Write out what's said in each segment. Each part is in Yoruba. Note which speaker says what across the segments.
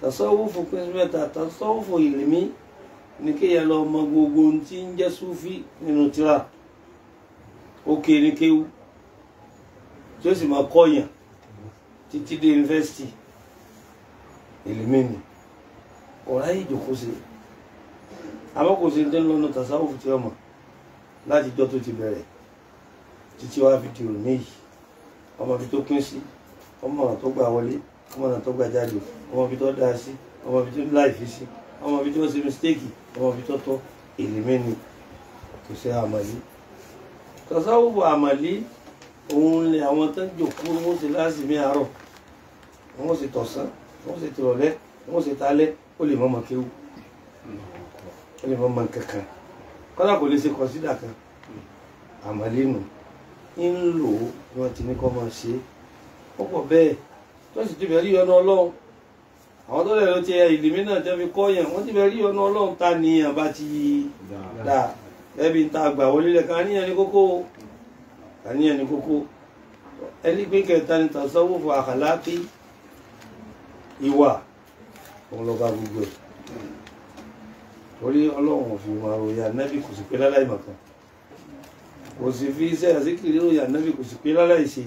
Speaker 1: tasawufu pín sí mẹ́ta tasawufu ìlímí ní kéèyàn lọ mọ gbogbo ohun tí ń jẹ́ tira ok tíra ó kéré kéwú tí ó sì máa kọ́yàn títí dé yunifásitì ìlímí ni ọ̀rá yìí jòkó sí àmọ́ kò sí ní lọ́nà tasawufu tí ọmọ láti jọ́ tó ti bẹ̀rẹ̀ títí wá fi di òní yìí ọmọ ibi tó pín sí ọmọ tó gbà wọlé ọmọ ọ̀nà tó gbàjáde ọmọ ibi tó dáa sí ọmọ ibi tó láìfi sí ọmọ ibi tí wọ́n ṣe mistake ọmọ ibi tó tọ́ èlìmẹ́ ni kò ṣe àmàlí tọ́sáwùbù àmàlí òun lè àwọn tó jòkó wọ́n ṣe láàsìmí àárọ̀ wọ́n ṣe tọ̀sán wọ́n ṣe tìrọ̀lẹ́ wọ́n ṣe talẹ́ ó lè mọ́mọ́ kéwù ó lè mọ́mọ́ kankan kọ́lá kò lè ṣe kọ̀sídà kan àmàlí nù ń lò ó wọ́n ti ní kọ́ máa ṣe é ó pọ̀ bẹ́ẹ̀ tó sì ti bẹ̀ rí ọ̀nà ọlọ́run àwọn tó lè lọ ti ìgbìmí náà tẹ́ fi kọ́ yẹn wọ́n ti bẹ̀ rí ọ̀nà ọlọ́run ta ni àbá ti dà ẹbí ta àgbà wọlé lẹ̀ ká níyàn ní kókó ká níyàn ní kókó ẹni pé kẹta ni tàṣọwọ́ fún àkàlákì ìwà òun gbogbo ẹ̀ torí ọlọ́run ò fi wà ròyìn ànábì kò sì pé láláì mọ̀kan kò sì fi iṣẹ́ àsìkiri ròyìn ànábì kò sì pé láláì ṣe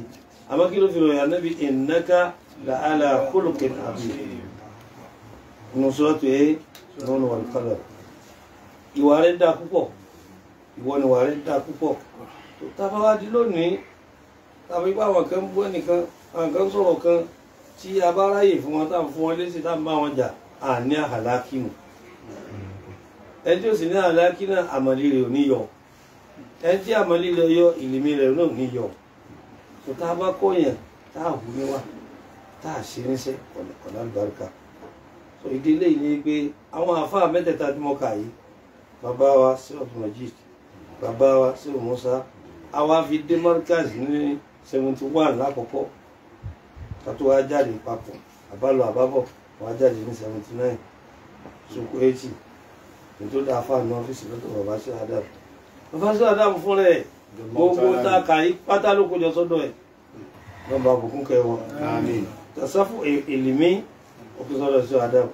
Speaker 1: àmọ́ kí ló fi ròyìn anábì innaka la'ala khuluqin azim nùsọ́tò ẹ̀ lọ́nà wal qalam ìwà rẹ̀ dá púpọ̀ ìwọ ni ìwà rẹ̀ dá púpọ̀ tó tábà wá di lónìí tàbí pé àwọn kan bú ẹnìkan àwọn kan sọ̀rọ̀ kan tí a bá ráyè fún wọn tá à ń fún wọn lésì tá à ń bá wọn jà à ní àhàlákìmù ẹjọ́ sì ní àhàlákì náà àmọ̀lẹ́ rẹ̀ ò ní yọ ẹjẹ́ àmọ̀lẹ́ rẹ̀ yọ ìlímí rẹ̀ náà ò ní yọ tá a bá kóyàn tá a wù níwà tá a ṣe níṣẹ́ ọ̀nà àlùbáríkà so ìdílé yìí ni pé àwọn àáfàá mẹ́tẹ̀ẹ̀ta tí mo kà yìí bàbá wa sèwọ̀n Majid bàbá wa sèwọ̀n Musa àwa fi dé Markaz ní seventy one lákòókò tàtó wa jáde papọ̀ àbálò àbábọ̀ wa jáde ní seventy nine sókó eighty nítorí àáfàá ní ọ́fíìsì lọ́tọ̀ bàbá sí Adam bàbá sí Adam fúnra ẹ̀ gbogbo tá a kà yí pátá ló kójọ sọ́dọ̀ ẹ̀ lọ́ba àbùkún kẹwọn tasafu ìlìmí òkúsọ̀rọ̀ sí adam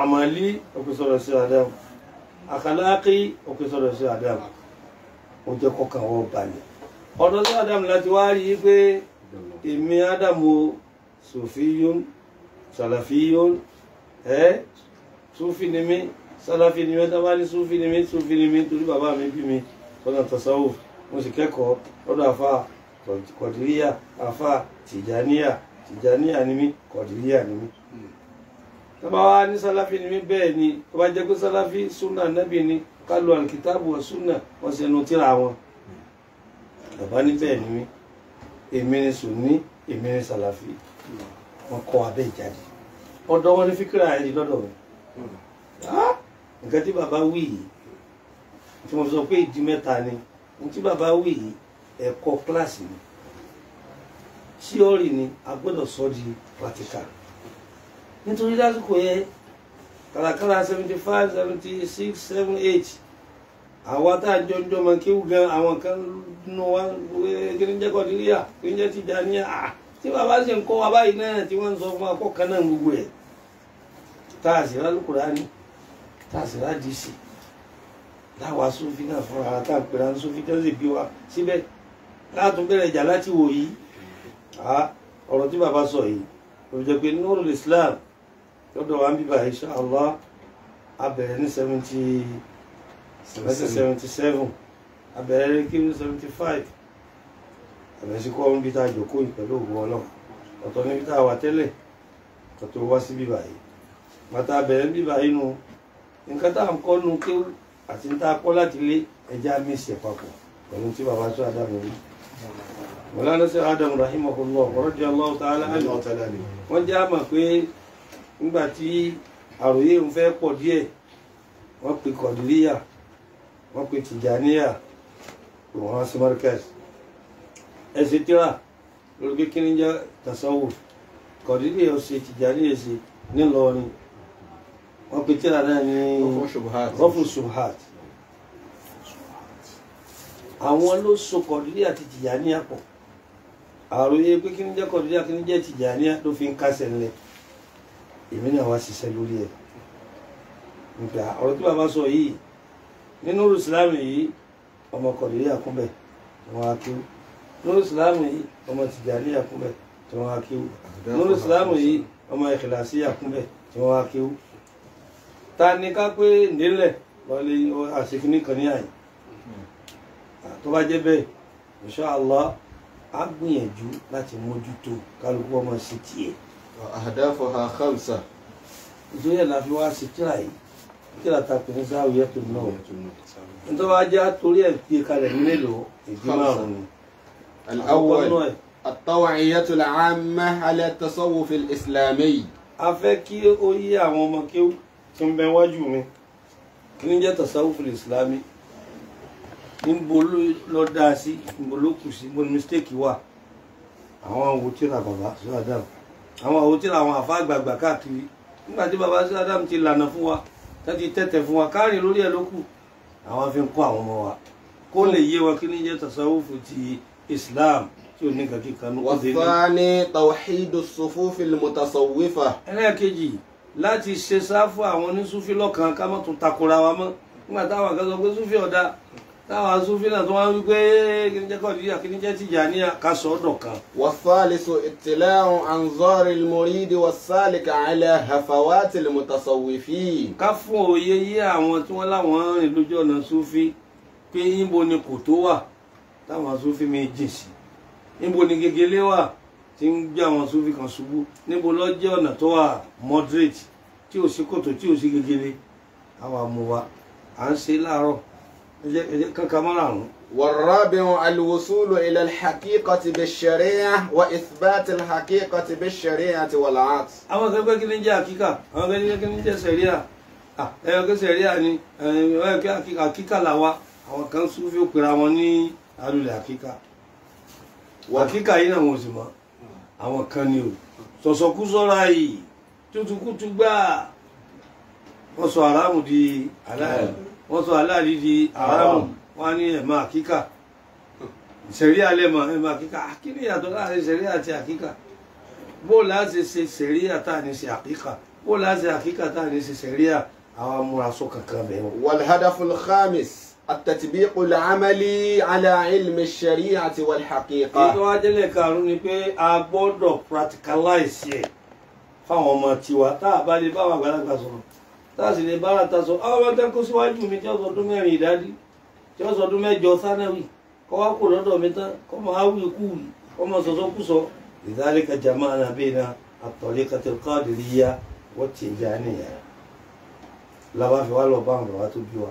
Speaker 1: amali òkúsọ̀rọ̀ sí adam àkàlákì òkúsọ̀rọ̀ sí adam ó jẹ́ kọ́kàn wọ́n balẹ̀ ọ̀dọ̀ sí adam láti wá rí i pé èmi adam o sòfíyún sàlàfíyún ẹ súfì ni mí sàlàfí ni mí tábàlì súfì ni mí torí bàbá mi bí mi tọ́nà tasawuf mo sì kẹ́kọ̀ọ́ lọ́dọ̀ àfa kọ̀dìríyà àfa tìjàníyà tìjàníyà ni mí kọ̀dìríyà ni mí. tábà wá ní sálàfí ni mí bẹ́ẹ̀ ni tó bá jẹ́ pé sálàfí súnà nábì ni ká lu àlùkìtàbù ọ̀ súnà wọ́n sì ẹnu tíra wọn. bàbá ní bẹ́ẹ̀ ni mí èmi ni sùnní èmi ni sálàfí wọn kọ́ abẹ́ ìjáde ọ̀dọ̀ wọn ni fíkìrà yẹn lọ́dọ̀ mi nǹkan hmm. tí bàbá wí yìí tí mo sọ pé ìdí mẹ́ta ni ní tí bàbá wí yìí ẹ̀kọ́ kíláàsì ni tíọ́rì ni a gbọ́dọ̀ sọ di practical nítorí lásìkò yẹn kàràkàrà seventy five seventy six seven eight àwa tá a jọ jọmọ kéwù gan àwọn kan nù wá kíníjẹ kọdíríà kíníjẹ tìjàníà tí bàbá sì ń kọ́ wa báyìí náà tí wọ́n ń sọ fún akọ́kànnà gbogbo ẹ̀ tá a sì rà lùkùrá ni tá a sì rà dìísì táwa sófì náà fúnra wa tá à ń pera ní sófì tó sì bí wa síbẹ̀ láàtún bẹ̀rẹ̀ ìjà láti wò yìí ọ̀rọ̀ tí bàbá sọ yìí ló jẹ́ pé Nurul Islam lọ́dọ̀ wa ń bíbà insha Allah abẹ̀rẹ̀ ní seventy seventy seven abẹ̀rẹ̀ ní kí ní seventy five àbẹ̀ sí kọ́ ń bí tá a jòkó yìí pẹ̀lú òwò ọlọ́run ọ̀tọ̀ níbi tá a wà tẹ́lẹ̀ kó tó wá sí bíbà yìí bàtà abẹ̀rẹ̀ bíbà yìí nu nǹkan tá à ń kọ́ nu kéwù àti níta kọ́ láti lé ẹja mẹ́sì papọ̀ pẹ̀lú tí baba sọ adamu rí mọ̀lánà sọ adamu rahimahullah radiyallahu ta'ala anhu wọ́n jẹ́ àmà pé nígbà tí àròyé ń fẹ́ pọ̀ díẹ̀ wọ́n pe kọ̀dílíyà wọ́n pe tìjàníyà wọ́n sí Markaz ẹ̀sìn tíra lórí kékeré ń jẹ́ tasawuf kọ̀dílíyà ó tìjàníyà ṣe ńìlọrin wọ́n pe tíra náà ní rọ́fù ṣubhat àwọn ló so kọ̀díríà àti tìjàníà pọ̀ àròyé pé kí ní jẹ́ kọ̀díríà kí ní jẹ́ tìjàníà ló fi ń kásẹ̀ ńlẹ̀ èmi náà wá ṣiṣẹ́ lórí ẹ̀ nípa ọ̀rọ̀ tí bàbá sọ yìí nínú ìsìlámù yìí ọmọ kọ̀díríà kúnbẹ̀ wọn á kí nínú ìsìlámù yìí ọmọ tìjàníà kúnbẹ̀ tí wọn á kí nínú ìsìlámù yìí ọmọ ìkìlàsíyà kúnbẹ̀ tí wọn á kí ta ni ká pé nílẹ̀ lọ́lé àṣekí nìkan ní àyè tó bá jẹ́ bẹ́ẹ̀ insha Allah á gbìyànjú láti mójútó kálukú ọmọ sí tiẹ̀. ahdafuha khamsa. ìtòyẹ̀ la fi wá sí tíra yìí tíra ta pè ní sáwìyẹ́ tó náà nítorí wàá jẹ́ àtòrí ẹ̀ fi kalẹ̀ nílò ìdí márùn-ún ni. al-awwal at-taw'iyatu al-'amma ala at-tasawwuf al a fẹ́ kí ó yí àwọn ọmọ kéwù tí ń bẹ wájú mi kí ni jẹ́ tasawuful islami níbo ló lọ dáa sí níbo ló kù sí níbo ni mistake wà àwọn àwọn tíra bàbá sí adam àwọn àwọn tíra àwọn àfa àgbààgbà káàkiri nígbà tí bàbá sí ti lànà fún wa láti tẹ̀tẹ̀ fún wa káàrin lórí ẹ̀ ló kù àwọn afi ń kọ́ àwọn ọmọ wa kó lè yé wa kí ni jẹ́ tasawufu ti islam tí o ní kàkí kanú. wàá fani tawhidu sufufi mutasawwifa. ẹlẹ́ẹ̀kejì láti ṣe sáfù àwọn onísúfì lọ́kàn ká má tún takora wa mọ́ nígbà táwọn kan sọ pé súfì ọ̀dà táwọn súfì náà tó wá wí pé kíní jẹ́ kọ̀díyà kíní jẹ́ Tìjàníyà ká sọ ọ́ dọ̀kan. wasalisu itilahun anzori moridi wasalika ala hafawati mutasawifi. ká fún òye yí àwọn tí wọ́n láwọn rìn lójú ọ̀nà súfì pé níbo ni kòtó wà táwọn súfì mi jìn sí níbo ni gegele wà tí ń gbé àwọn sufi kan ṣubú níbo lọ jẹ́ ọ̀nà tó wà moderate tí ò sí kòtò tí ò sí gegere àwa mú wa à ń ṣe láàárọ̀ ẹ̀jẹ̀ kankan márààrún. والرابع الوصول إلى الحقيقة بالشريعة وإثبات الحقيقة بالشريعة والعكس. àwọn kan gbé kí ni jẹ́ àkíkà àwọn kan gbé kí ni jẹ́ sẹ̀ríà ẹ̀yọ́ kí sẹ̀ríà ni ẹ̀yọ́ kí àkíkà là wa àwọn kan sún fi ó pera wọn ní alùlẹ̀ àkíkà àkíkà yìí náà wọn sì mọ̀ àwọn kan ni o sọ̀sọ̀kúsọ ráàyè tútùkútù gbà wọ́n sọ aráàmù di aláàlì wọ́n sọ aláàlì di aráàmù wọ́n á ní ẹ̀mọ àkíkà ìṣẹ̀rí alẹ́ mọ̀ ẹ̀mọ àkíkà akíní yàtọ̀ láàrin ìṣẹ̀rí àti àkíkà bó láti ṣe ṣẹ̀rí àtàní ṣe àkíkà bó láti ṣe àkíkà àtàní ṣe ṣẹ̀rí àwọn amúrasọ kankan bẹ́ẹ̀. wàlhádàfọlù khamis. التطبيق العملي على علم الشريعة والحقيقة. èyí tó wá délé karùn-ún ni pé a gbọ́dọ̀ practicalize ẹ̀ fáwọn ọmọ tiwa tá a bá lè bá àwọn àgbàlagbà sọ̀rọ̀ tá a sì lè bá àtà sọ àwọn ọmọ tẹ́kọ̀ síwájú mi tí wọ́n sọ ọdún mẹ́rin ìdádí tí wọ́n sọ ọdún mẹ́jọ sánẹ́wì kọ́ wá kó lọ́dọ̀ mi tán kọ́ mọ áwì kú kọ́ mọ sọ̀sọ́ kú sọ. لذلك جمعنا بين الطريقة القادرية والتجانية. làwọn fi wá lọ bá àwọn bàbá tó bí wa.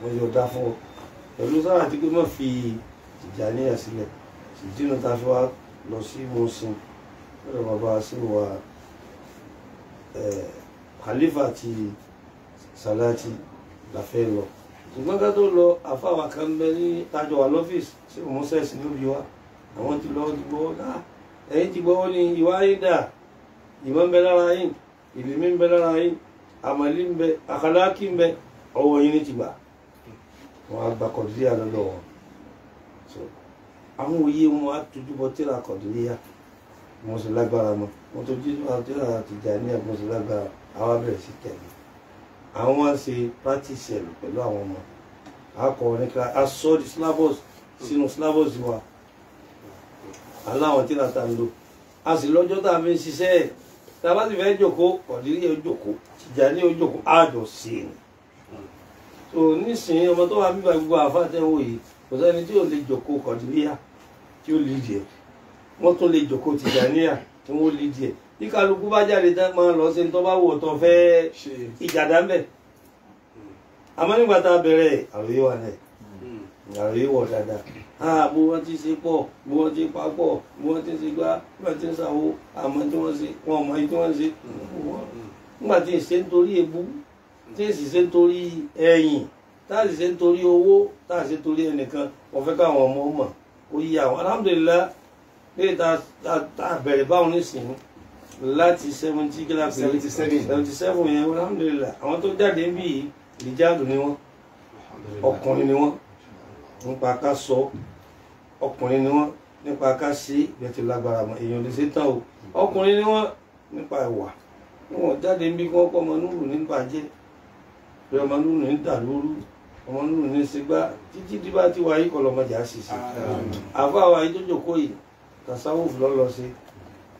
Speaker 1: mo yọ̀ǹda fún ọ pẹ̀lú sáà àti pé mọ̀ fi ìjà níyàn sílẹ̀ ìdínà tá a fi wá lọ sí mọ̀sán lọ́dọ̀ bàbá síwá khalifa àti salati la fẹ́ lọ ṣùgbọ́n ká tó lọ àfáwà kan bẹ ní tajọ wà lọ́fíìsì sí mọ́sẹ̀sì níbi wa àwọn ti lọ ti gbọ́ náà ah, ẹ̀yìn ti gbọ́wọ́ ní ìwà ayédà ìmọ̀ ń bẹ lára yín ìlú mi ń bẹ lára yín àmàlí ń bẹ àkàlákì ń bẹ ọwọ́ yín ti gbà wọn á gba kọ̀díríà lọ́dọ̀ wọn so àwọn òye wọn á tójú bọ tíra kọ̀díríà wọn sì lágbára mọ wọn tójú bọ tíra Tìjàníyà wọn sì lágbára àwọn abẹ̀rẹ̀ sí tẹ̀lé àwọn á ṣe practice ẹ̀ pẹ̀lú àwọn ọmọ akọ nípa aṣọ di slavos sínú slavos wa aláwọn tíra ta ń lò a sì lọ́jọ́ tá a fi ń ṣiṣẹ́ ẹ̀ tá a bá sì fẹ́ jòkó kọ̀díríà jòkó Tìjàníyà ó jòkó àjọṣe tó nísìnyí ọmọ tó wà bíbá gbogbo àfa tẹ́wò yìí kò sẹ́ni tí ò lè jòkó kọ̀dílíà tí ó lè díẹ̀ wọ́n tún lè jòkó tìjàníyà tí wọ́n lè díẹ̀ bí kálukú bá jáde tán máa lọ sí tó bá wò tó fẹ́ ìjàdá mbẹ̀ àmọ́ nígbà tá a bẹ̀rẹ̀ àròyé wà náà àròyé wọ̀ dáadáa ah bó wọ́n ti ṣe pọ̀ bó wọ́n ti pa pọ̀ bó wọ́n ti ṣe gbá bí wọ́n ti ṣàwó àmọ́ tí wọ́n ṣe wọn mọ ibi tí wọ́n ṣe hmm. nígbà tí ìṣe ń torí ebú tí èsì ṣe ń torí ẹ̀yìn táàsì ṣe ń torí owó táàsì ṣe ń torí ẹnìkan wọ́n fẹ́ káwọn ọmọ ọmọ ó yí àwọn alhamdulillah léè tá a bẹ̀rẹ̀ báwọn nísìnyí láti seventy kíláàsì seventy seven seventy seven yẹn alhamdulillah àwọn tó jáde ń bì yìí ìdíjáàdù ni wọ́n ọkùnrin ni wọ́n nípa ká sọ ọkùnrin ni wọ́n nípa ká sí ìgbẹ́tì lágbára mọ́ èèyàn lè ṣe tán o ọkùnrin ni wọ́n nípa ẹ̀wà wọn jáde ń bí kí wọ́n kọ́ nípa jẹ́ pé ọmọ nínú ń dà lóru ọmọ nínú ní sígbà títí tí bá ti wáyé kọlọmọdé á sì sí àfa wa yìí tó jòkó yìí tasawuf lọ lọ sí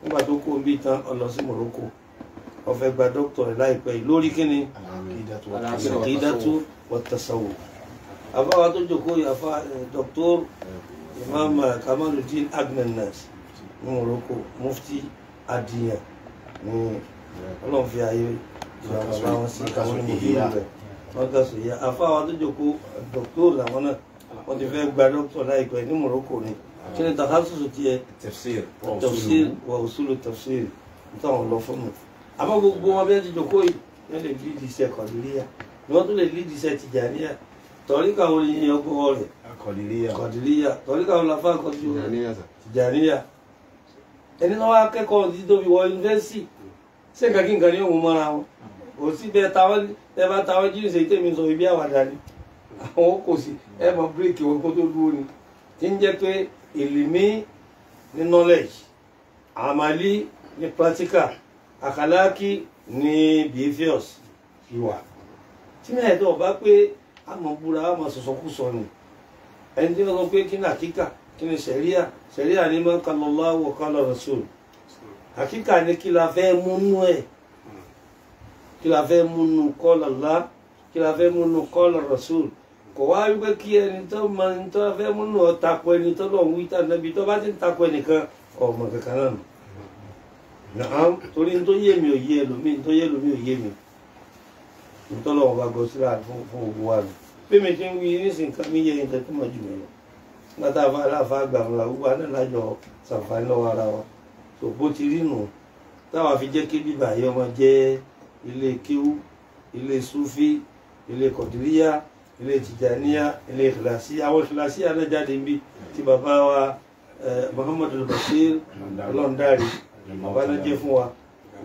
Speaker 1: nígbà tó kó bí tán ọ lọ sí Morocco ó fẹ́ gba dókítà rẹ láìpẹ́ yìí lórí kíni àkídàtú wàtasawuf àfa wa tó jòkó yìí àfa dr imam Kamaluddin Agnanas ní Morocco mufti adiyan ní ọlọ́run fi ayé ìjọba wọn sí àwọn ìlú rẹ̀. wọ́n kà ya àfa tó jòkó dọ́kítọ̀ làwọn náà wọ́n ti fẹ́ gba ní Morocco ni kí ni takasusu tiẹ̀ tafsir wa usulu tafsir nítawọn lọ fún mi gbogbo wọn bẹ́ẹ̀ ti jòkó yìí wọ́n lè lead ni tún lè ẹni náà títí tóbi wọ yunifásitì ṣé nǹkan kí wọn. aussi bien tawal e ba tawal ji se temi so bi awa dani awon ko si e ba break o ko to duro ni tin je pe ilimi ni knowledge amali ni pratica akhalaki ni behaviors iwa ti me do ba pe ama mo bura a mo soso ku so ni en ti lo pe kin atika kin seria seria ni man ni kila fe munnu e eh. kí la mon múnú kọ́là ńlá kí mon fẹ́ múnú kọ́là rasul kò wá wípé kí ẹni tó mon ẹni tó fẹ́ múnú ọ takò ẹni tó lọ ń wí tà níbi tó bá ti ń takò ẹnìkan ọmọ kankan náà nù. Nàám torí ní tó yé mi ò yé ẹlòmíì ní o yé ẹlòmíì ò yé mi. Ìtọ́lọ̀ ọba gbọ́ síra fún òwú wa nù. Bí mi ti ń wí nísìnyí kan mi yẹ nǹkan tó mọ̀ jù mí lọ. Nígbà tá a fa àgbà ńlá gbogbo àná lájọ ṣàǹfààní lọ́wọ́ ara wa. Tòpó ti rí nù táwa fi jẹ́ kí bíbà yìí ọmọ jẹ́ ilé kíw ilé sufi ilé kọdìríyà ilé tijaniya ilé ìkìlásíyà àwọn ìkìlásíyà náà jáde níbi tí bàbá wa Muhammadu Bashir ọlọ́ndàrí bàbá náà jẹ́ fún wa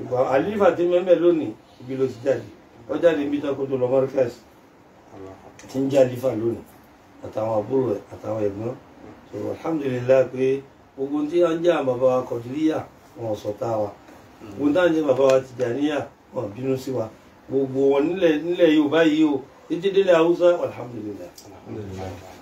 Speaker 1: ìgbà àlífà tí mẹ́mẹ́ lónìí ibi ló ti jáde ó jáde níbi tó kó tó lọ mọ́ríkàsì tí ń jẹ́ àlífà lónìí àtàwọn àbúrò ẹ̀ àtàwọn ẹ̀gbọ́n so alhamdulillah pé gbogbo tí wọ́n ń jẹ́ àbàbà kọ̀dìríyà wọn sọ tá wa gbogbo táwọn jẹ́ bàbá wa Tìjàníyà wọn bínú sí wa gbogbo wọn nílẹ̀ nílẹ̀ Yorùbá o títí Haúsá alhamdulilayi.